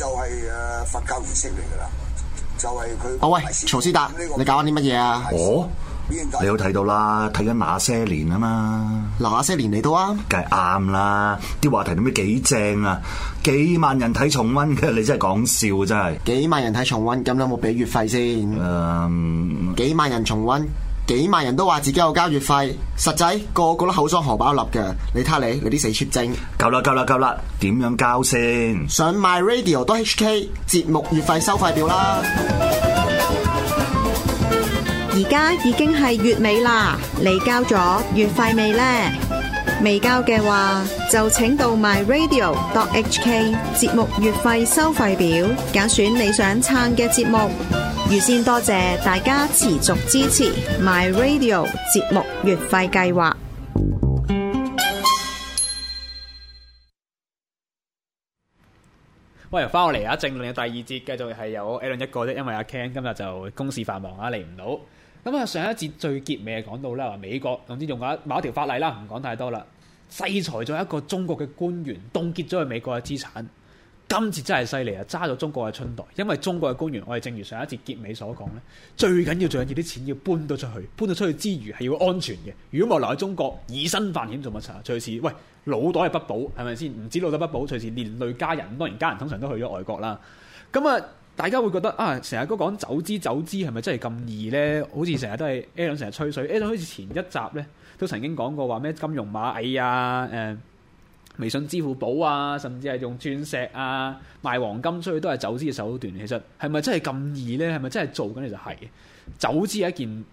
就係誒佛教儀式嚟噶啦，就係、是、佢、那個。阿喂，曹師達，你搞緊啲乜嘢啊？哦，你都睇到啦，睇緊那些年啊嘛。那些年嚟到啊？梗係啱啦，啲話題點咩幾正啊？幾萬人睇重溫嘅，你真係講笑真係。幾萬人睇重溫，咁有冇俾月費先？嗯。Um, 幾萬人重溫。幾萬人都話自己有交月費，實際個個都口裝荷包粒嘅。你睇下你，你啲死 cheap 精！夠啦，夠啦，夠啦！點樣交先？上 MyRadio.hk 節目月費收費表啦。而家已經係月尾啦，你交咗月費未呢？未交嘅話，就請到 MyRadio.hk 節目月費收費表，揀選你想撐嘅節目。預先多謝大家持續支持 My Radio 節目月費計劃。喂，翻我嚟啊！政論嘅第二節，繼續係有 Allen 一個啫，因為阿 Ken 今日就公事繁忙啊，嚟唔到。咁啊，上一節最結尾啊，講到咧話美國總之用啊某一條法例啦，唔講太多啦，制裁咗一個中國嘅官員，凍結咗佢美國嘅資產。今次真係犀利啊！揸咗中國嘅春袋，因為中國嘅官員，我哋正如上一節結尾所講呢，最緊要最緊要啲錢要搬到出去，搬到出去之餘係要安全嘅。如果冇留喺中國，以身犯險做乜柒啊？隨時喂，腦袋不保係咪先？唔止腦袋不保，隨時連累家人。當然家人通常都去咗外國啦。咁啊，大家會覺得啊，成日都講走資走資，係咪真係咁易呢？好似成日都係 Allen 成日吹水 Allen，好似前一集呢，都曾經講過話咩金融螞蟻啊誒。呃微信、支付寶啊，甚至係用鑽石啊賣黃金出去，都係走資嘅手段。其實係咪真係咁易呢？係咪真係做緊？其實係走資係一件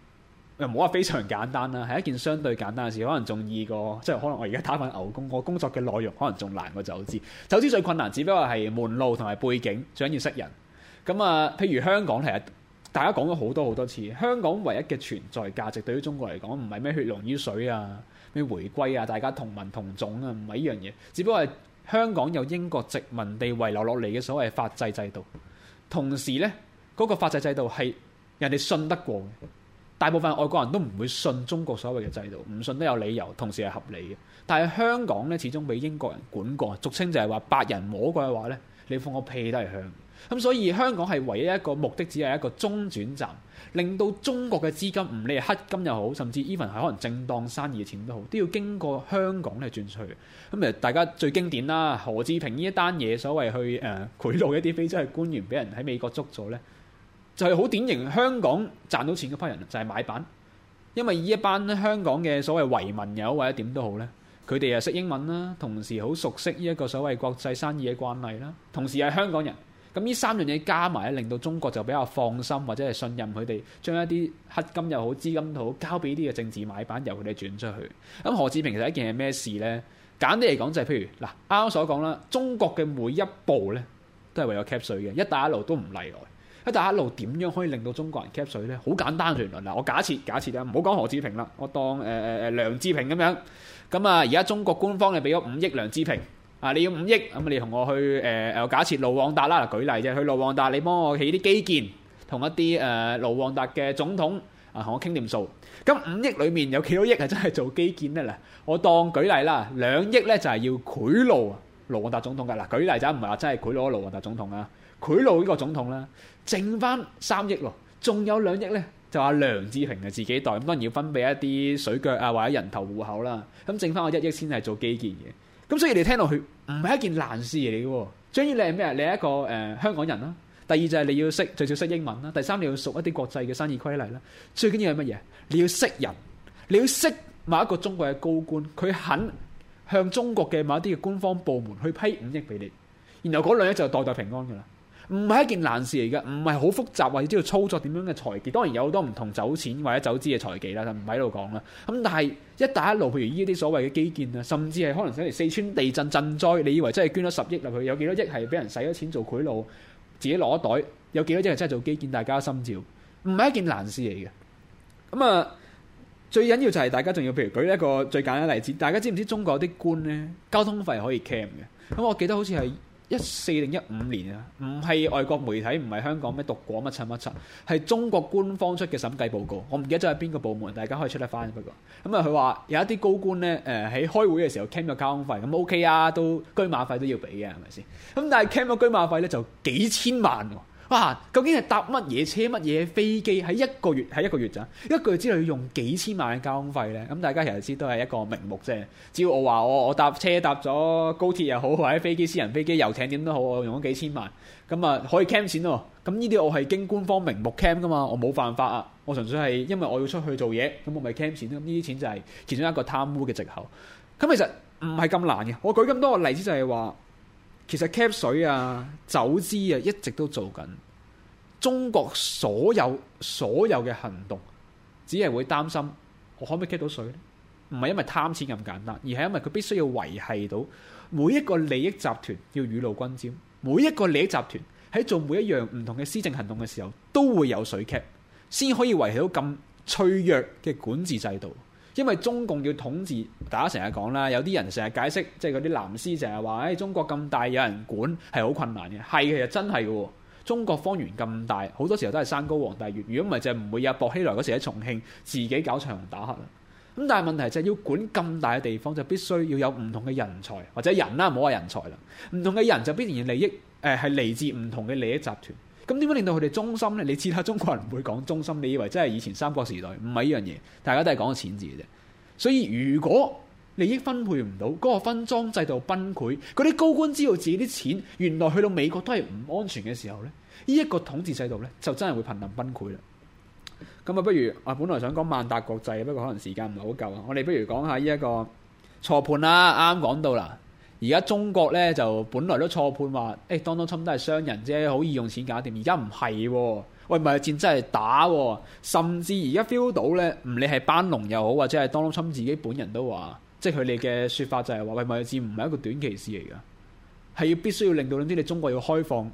又唔好話非常簡單啦，係一件相對簡單嘅事。可能仲易過，即係可能我而家打份牛工，我工作嘅內容可能仲難過走資。走資最困難，只不過係門路同埋背景，最緊要識人。咁啊，譬如香港，其實大家講咗好多好多次，香港唯一嘅存在價值對於中國嚟講，唔係咩血濃於水啊。回歸啊！大家同文同種啊，唔係一樣嘢。只不過係香港有英國殖民地遺留落嚟嘅所謂法制制度，同時呢，嗰個法制制度係人哋信得過嘅。大部分外國人都唔會信中國所謂嘅制度，唔信都有理由，同時係合理嘅。但係香港呢，始終俾英國人管過，俗稱就係話白人摸過嘅話呢。你放個屁都係香。咁、嗯、所以香港係唯一一個目的，只係一個中轉站，令到中國嘅資金，唔理係黑金又好，甚至 even 係可能正當生意嘅錢都好，都要經過香港嚟轉出去。咁、嗯、誒，大家最經典啦，何志平呢一單嘢，所謂去誒、呃、賄賂一啲非洲嘅官員，俾人喺美國捉咗呢，就係、是、好典型香港賺到錢嗰批人，就係、是、買板，因為呢一班香港嘅所謂維民友或者點都好呢。佢哋又識英文啦，同時好熟悉呢一個所謂國際生意嘅慣例啦，同時係香港人，咁呢三樣嘢加埋令到中國就比較放心或者係信任佢哋，將一啲黑金又好，資金都好交俾啲嘅政治買辦，由佢哋轉出去。咁何志平其實一件係咩事呢？簡單嚟講就係、是、譬如嗱，啱啱所講啦，中國嘅每一步呢，都係為咗 Cap 稅嘅，一帶一路都唔例外。一帶一路點樣可以令到中國人 Cap 稅呢？好簡單嘅論壇嗱，我假設假設啊，唔好講何志平啦，我當誒誒誒梁志平咁樣。咁啊！而家中國官方你俾咗五億梁志平啊！你要五億，咁你同我去誒誒假設盧旺達啦，舉例啫。去盧旺達，你幫我起啲基建，同一啲誒盧旺達嘅總統啊，同我傾掂數。咁五億裏面有幾多億係真係做基建咧？嗱，我當舉例啦，兩億咧就係要賄賂盧旺達總統噶。嗱，舉例就唔係話真係賄賂啊盧旺達總統啊，賄賂呢個總統啦，剩翻三億咯，仲有兩億咧。就阿梁志平啊，自己代，咁當然要分俾一啲水腳啊，或者人頭戶口啦，咁剩翻我一億先係做基建嘅。咁所以你聽落去，唔係、嗯、一件難事嚟、啊、嘅。至於、嗯、你係咩？你係一個誒、呃、香港人啦、啊。第二就係你要識，最少識英文啦、啊。第三你要熟一啲國際嘅生意規例啦、啊。最緊要係乜嘢？你要識人，你要識某一個中國嘅高官，佢肯向中國嘅某一啲嘅官方部門去批五億俾你，然後嗰兩億就代代平安噶啦。唔係一件難事嚟㗎，唔係好複雜或者知道操作點樣嘅財技，當然有好多唔同走錢或者走資嘅財技啦，就唔喺度講啦。咁但係一帶一路，譬如呢啲所謂嘅基建啊，甚至係可能想嚟四川地震賑災，你以為真係捐咗十億入去，有幾多億係俾人使咗錢做賄賂，自己攞袋？有幾多億係真係做基建？大家心照。唔係一件難事嚟嘅。咁、嗯、啊，最緊要就係大家仲要，譬如舉一個最簡單例子，大家知唔知中國啲官呢，交通費可以 claim 嘅？咁、嗯、我記得好似係。一四定一五年啊，唔係外國媒體，唔係香港咩，毒果乜柒乜柒，係中國官方出嘅審計報告。我唔記得咗係邊個部門，大家可以出得翻不過。咁啊，佢話有一啲高官咧，誒、呃、喺開會嘅時候 claim 咗交通費，咁 OK 啊，都車馬費都要俾嘅、啊，係咪先？咁但係 claim 咗車馬費咧就幾千萬、啊。哇、啊！究竟係搭乜嘢車、乜嘢飛機？喺一個月，喺一個月咋？一個月之內要用幾千萬嘅交通費呢？咁大家其實知道都係一個名目啫。只要我話我我搭車搭咗高鐵又好，或者飛機、私人飛機、遊艇點都好，我用咗幾千萬。咁啊可以 cam 錢咯。咁呢啲我係經官方名目 cam 噶嘛？我冇犯法啊。我純粹係因為我要出去做嘢，咁我咪 cam 錢咯。咁呢啲錢就係其中一個貪污嘅藉口。咁其實唔係咁難嘅。我舉咁多個例子就係話。其實 cap 水啊、走資啊，一直都做緊。中國所有所有嘅行動，只係會擔心我可唔可以 cap 到水呢？唔係因為貪錢咁簡單，而係因為佢必須要維繫到每一個利益集團要雨露均沾。每一個利益集團喺做每一樣唔同嘅施政行動嘅時候，都會有水 cap，先可以維繫到咁脆弱嘅管治制度。因為中共要統治，大家成日講啦，有啲人成日解釋，即係嗰啲藍絲成日話，誒、哎、中國咁大，有人管係好困難嘅，係其實真係嘅喎。中國方圓咁大，好多時候都係山高皇帝遠，如果唔係就唔會有薄熙來嗰時喺重慶自己搞唱紅打黑啦。咁但係問題就係要管咁大嘅地方，就必須要有唔同嘅人才或者人啦，唔好話人才啦，唔同嘅人就必然而利益，誒係嚟自唔同嘅利益集團。咁點解令到佢哋忠心呢？你知啦，中國人唔會講忠心。你以為真係以前三國時代唔係依樣嘢，大家都係講個錢字嘅啫。所以，如果利益分配唔到，嗰、那個分贓制度崩潰，嗰啲高官知道自己啲錢原來去到美國都係唔安全嘅時候呢，呢、這、一個統治制度呢，就真係會瀕臨崩潰啦。咁啊，不如我本來想講萬達國際，不過可能時間唔係好夠啊。我哋不如講下呢一個錯判啦。啱講到啦。而家中國咧就本來都錯判話，誒當當侵都係商人啫，好易用錢搞掂。而家唔係，喂，貿易戰真係打、啊。甚至而家 feel 到咧，唔理係班農又好，或者係當當侵自己本人都話，即係佢哋嘅説法就係、是、話，喂，貿易戰唔係一個短期事嚟噶，係要必須要令到呢啲你中國要開放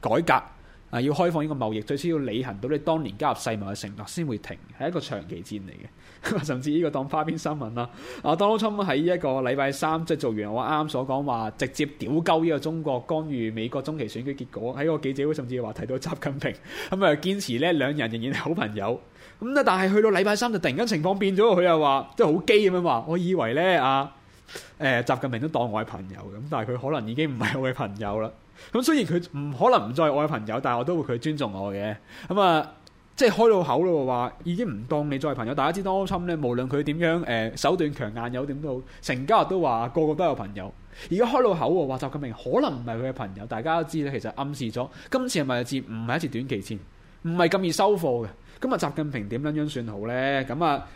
改革。啊！要開放呢個貿易，最少要履行到你當年加入世貿嘅承諾，先會停，係一個長期戰嚟嘅。 甚至呢個當花邊新聞啦。阿 Donald Trump 喺呢一個禮拜三即係、就是、做完我啱啱所講話，直接屌鳩呢個中國干預美國中期選舉結果喺個記者會，甚至話提到習近平，咁、嗯、啊、嗯、堅持呢兩人仍然係好朋友。咁、嗯、啊，但係去到禮拜三就突然間情況變咗，佢又話即係好基咁樣話，我以為呢啊誒、呃、習近平都當我係朋友咁，但係佢可能已經唔係我嘅朋友啦。咁雖然佢唔可能唔再係我嘅朋友，但係我都會佢尊重我嘅。咁啊，即係開到口咯，話已經唔當你再係朋友。大家知特朗普咧，無論佢點樣誒、呃、手段強硬，有點都好。成家都話個個都有朋友，而家開到口喎，話習近平可能唔係佢嘅朋友。大家都知咧，其實暗示咗今次係咪一唔係一次短期錢，唔係咁易收貨嘅。咁啊，習近平點樣樣算好咧？咁啊，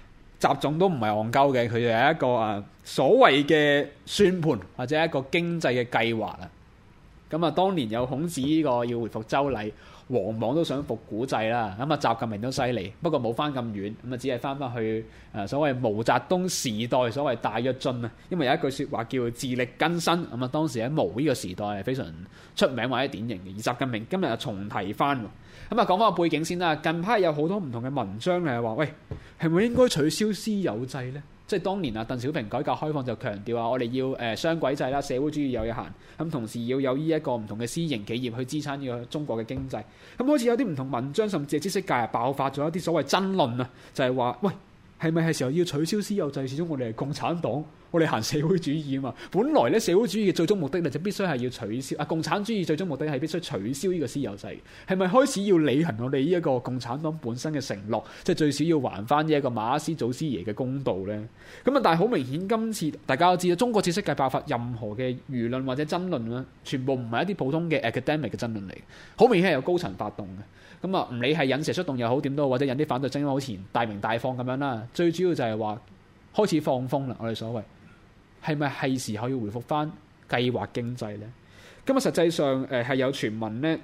習總都唔係戇鳩嘅，佢就係一個啊所謂嘅算盤或者一個經濟嘅計劃啊。咁啊，當年有孔子呢個要回復周禮，往往都想復古制啦。咁啊，習近平都犀利，不過冇翻咁遠，咁啊，只係翻翻去誒所謂毛澤東時代所謂大躍進啊。因為有一句説話叫自力更生。咁啊，當時喺毛呢個時代係非常出名或者典型嘅。而習近平今日又重提翻，咁啊，講翻個背景先啦。近排有好多唔同嘅文章係話，喂，係咪應該取消私有制呢？即係當年啊，鄧小平改革開放就強調啊，我哋要誒、呃、雙軌制啦，社會主義有嘢行，咁同時要有呢一個唔同嘅私營企業去支撐呢個中國嘅經濟。咁好似有啲唔同文章，甚至係知識界啊，爆發咗一啲所謂爭論啊，就係、是、話，喂。係咪係時候要取消私有制？始終我哋係共產黨，我哋行社會主義啊嘛。本來咧，社會主義嘅最終目的咧就必須係要取消啊。共產主義最終目的係必須取消呢個私有制。係咪開始要履行我哋呢一個共產黨本身嘅承諾？即係最少要還翻呢一個馬克思祖師爺嘅公道呢？咁啊，但係好明顯，今次大家都知道，中國知識界爆發任何嘅輿論或者爭論啦，全部唔係一啲普通嘅 academic 嘅爭論嚟，好明顯係有高層發動嘅。咁啊，唔理係引蛇出洞又好，點都或者引啲反對聲音，好似前大鳴大放咁樣啦。最主要就係話開始放風啦，我哋所謂係咪係時候要回復翻計劃經濟呢？咁啊，實際上誒係、呃、有傳聞呢，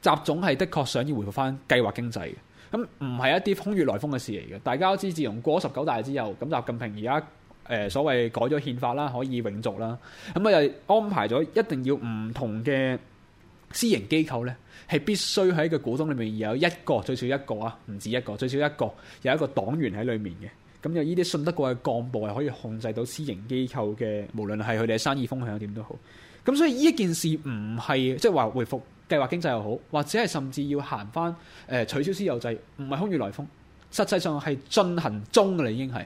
習總係的確想要回復翻計劃經濟嘅。咁唔係一啲空穴來風嘅事嚟嘅。大家都知自從過咗十九大之後，咁習近平而家誒所謂改咗憲法啦，可以永續啦。咁啊又安排咗一定要唔同嘅。私營機構咧，係必須喺個股東裏面有一個最少一個啊，唔止一個最少一個，有一個黨員喺裏面嘅。咁就呢啲信得過嘅幹部係可以控制到私營機構嘅，無論係佢哋嘅生意風向點都好。咁所以呢一件事唔係即係話回復計劃經濟又好，或者係甚至要行翻誒取消私有制，唔係空穴來風。實際上係進行中嘅啦，你已經係。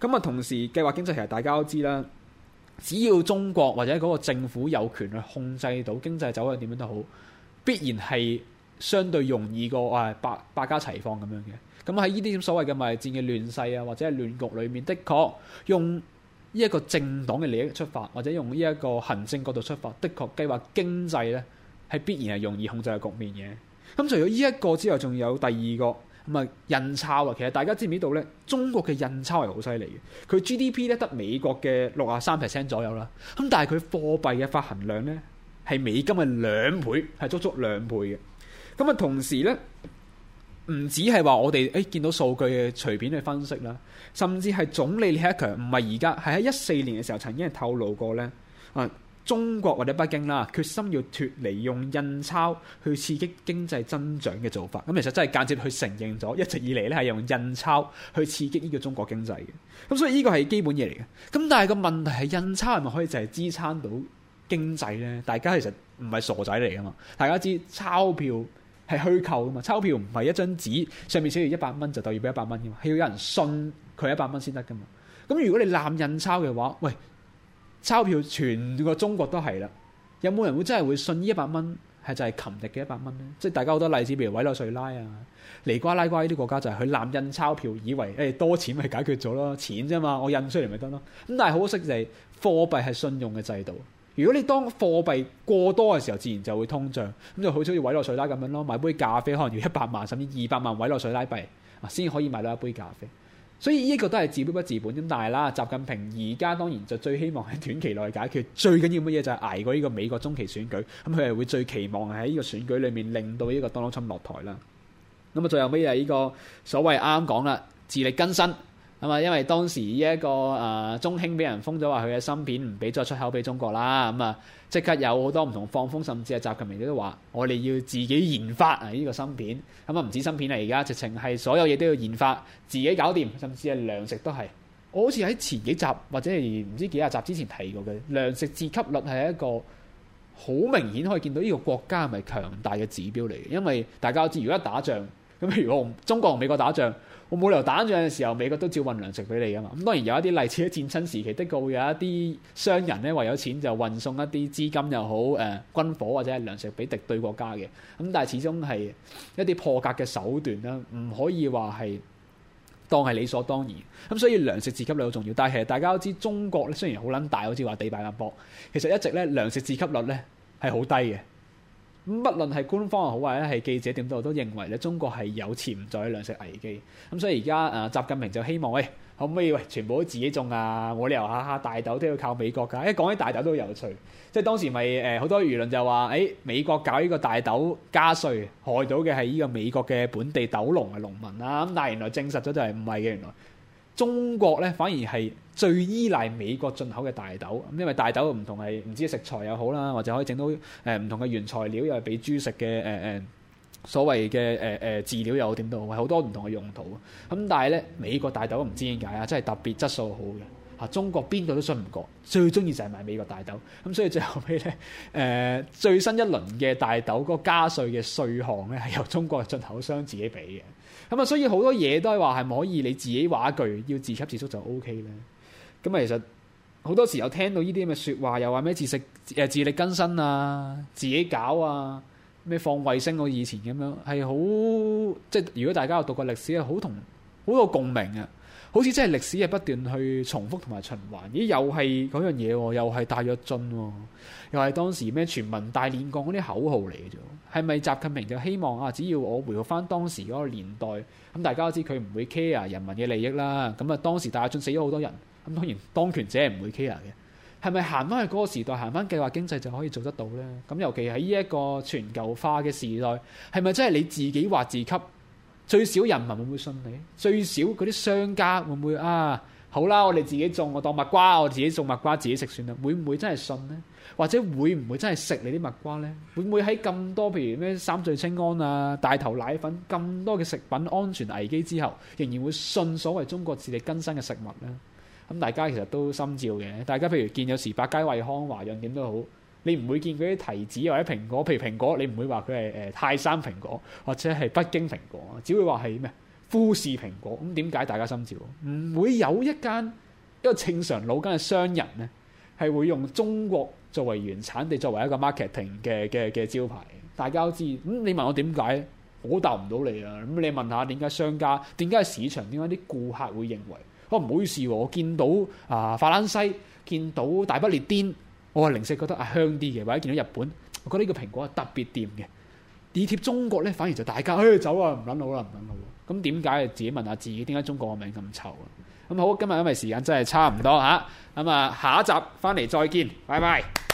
咁啊，同時計劃經濟其實大家都知啦。只要中國或者嗰個政府有權去控制到經濟走向點樣都好，必然係相對容易過，誒百百家齊放咁樣嘅。咁喺呢啲所謂嘅貿易戰嘅亂世啊，或者係亂局裏面，的確用呢一個政黨嘅利益出發，或者用呢一個行政角度出發，的確計劃經濟咧係必然係容易控制嘅局面嘅。咁除咗呢一個之外，仲有第二個。咁啊、嗯，印鈔啊，其實大家知唔知道咧？中國嘅印鈔係好犀利嘅，佢 GDP 咧得美國嘅六十三 percent 左右啦。咁但係佢貨幣嘅發行量咧係美金嘅兩倍，係足足兩倍嘅。咁、嗯、啊，同時咧唔止係話我哋誒見到數據嘅隨便去分析啦，甚至係總理李克強唔係而家，係喺一四年嘅時候曾經係透露過咧啊。嗯中國或者北京啦，決心要脱離用印鈔去刺激經濟增長嘅做法，咁其實真係間接去承認咗一直以嚟咧係用印鈔去刺激呢個中國經濟嘅，咁所以呢個係基本嘢嚟嘅。咁但係個問題係印鈔係咪可以就係支撐到經濟呢？大家其實唔係傻仔嚟噶嘛，大家知鈔票係虛構噶嘛，鈔票唔係一張紙上面寫住一百蚊就代表一百蚊嘅嘛，係要有人信佢一百蚊先得噶嘛。咁如果你濫印鈔嘅話，喂。鈔票全個中國都係啦，有冇人會真係會信呢一百蚊係就係琴日嘅一百蚊咧？即係大家好多例子，譬如委內瑞拉啊、尼瓜拉瓜呢啲國家，就係佢濫印鈔票，以為誒多錢咪解決咗咯，錢啫嘛，我印出嚟咪得咯。咁但係好可惜就係貨幣係信用嘅制度，如果你當貨幣過多嘅時候，自然就會通脹，咁就好似要委內瑞拉咁樣咯，買杯咖啡可能要一百萬甚至二百萬委內瑞拉幣啊，先可以買到一杯咖啡。所以呢個都係治標不治本但係啦。習近平而家當然就最希望喺短期內解決，最緊要乜嘢就係捱過呢個美國中期選舉。咁佢係會最期望喺呢個選舉裏面令到呢個特朗普落台啦。咁、嗯、啊最後尾係呢個所謂啱啱講啦，自力更生。咁啊，因為當時依一個誒、呃、中興俾人封咗，話佢嘅芯片唔俾再出口俾中國啦。咁、嗯、啊，即刻有好多唔同放風，甚至係習近平都話：我哋要自己研發啊！依個芯片咁啊，唔、嗯、止芯片啦，而家直情係所有嘢都要研發，自己搞掂，甚至係糧食都係。我好似喺前幾集或者係唔知幾十集之前提過嘅，糧食自給率係一個好明顯可以見到呢個國家係咪強大嘅指標嚟嘅，因為大家知如果一打仗。咁如果我中國同美國打仗，我冇理由打仗嘅時候美國都照運糧食俾你噶嘛？咁當然有一啲例，似喺戰爭時期的確會有一啲商人咧，為咗錢就運送一啲資金又好誒、呃、軍火或者係糧食俾敵對國家嘅。咁但係始終係一啲破格嘅手段啦，唔可以話係當係理所當然。咁所以糧食自給率好重要，但係其實大家都知中國咧雖然好捻大，好似話地大物博，其實一直咧糧食自給率咧係好低嘅。咁，無論係官方又好或者係記者，點都都認為咧，中國係有潛在糧食危機。咁所以而家誒習近平就希望，誒、欸、可唔可以喂全部都自己種啊？冇理由下、啊、下大豆都要靠美國㗎、啊。一、欸、講起大豆都有趣，即係當時咪誒好多輿論就話，誒、欸、美國搞呢個大豆加稅，害到嘅係呢個美國嘅本地豆農嘅農民啦、啊。咁但係原來證實咗就係唔係嘅原來。中國咧反而係最依賴美國進口嘅大豆，因為大豆唔同係唔知食材又好啦，或者可以整到誒唔、呃、同嘅原材料，又係俾豬食嘅誒誒所謂嘅誒誒飼料又好點都，係好多唔同嘅用途。咁、嗯、但係咧美國大豆唔知點解啊，真係特別質素好嘅嚇、啊，中國邊度都信唔過，最中意就係買美國大豆。咁、嗯、所以最後尾咧誒最新一輪嘅大豆嗰個加稅嘅稅項咧，係由中國嘅進口商自己俾嘅。咁啊，所以好多嘢都係話係唔可以你自己話一句，要自給自足就 O K 咧。咁啊，其實好多時又聽到呢啲咁嘅說話，又話咩自食誒，自力更生啊，自己搞啊，咩放衛星，我以前咁樣，係好即係，就是、如果大家有讀過歷史啊，係好同好有共鳴啊。好似真係歷史係不斷去重複同埋循環，咦？又係嗰樣嘢喎，又係大躍進喎，又係當時咩全民大煉鋼嗰啲口號嚟嘅啫。係咪習近平就希望啊？只要我回復翻當時嗰個年代，咁大家都知佢唔會 care 人民嘅利益啦。咁啊，當時大躍進死咗好多人，咁當然當權者係唔會 care 嘅。係咪行翻去嗰個時代，行翻計劃經濟就可以做得到呢？咁尤其喺呢一個全球化嘅時代，係咪真係你自己話自給？最少人民會唔會信你？最少嗰啲商家會唔會啊？好啦，我哋自己種我當蜜瓜，我自己種蜜瓜自己食算啦。會唔會真係信呢？或者會唔會真係食你啲蜜瓜呢？會唔會喺咁多譬如咩三聚氰胺啊、大頭奶粉咁多嘅食品安全危機之後，仍然會信所謂中國自力更生嘅食物呢？咁、嗯、大家其實都心照嘅。大家譬如見有時百佳惠康、華潤點都好。你唔會見佢啲提子或者蘋果，譬如蘋果，你唔會話佢係誒泰山蘋果或者係北京蘋果，只會話係咩富士蘋果。咁點解大家心照？唔會有一間一個正常腦筋嘅商人咧，係會用中國作為原產地作為一個 marketing 嘅嘅嘅招牌。大家都知，咁你問我點解，我答唔到你啊。咁你問下點解商家，點解市場，點解啲顧客會認為？啊唔好意思，我見到啊、呃、法蘭西，見到大不列顛。我係、哦、零舍覺得啊香啲嘅，或者見到日本，我覺得呢個蘋果係特別掂嘅。地貼中國呢，反而就大家，誒、哎、走啊，唔撚好啦，唔撚好。咁點解？自己問下自己，點解中國個名咁臭啊？咁好，今日因為時間真係差唔多吓。咁啊下一集翻嚟再見，拜拜。嗯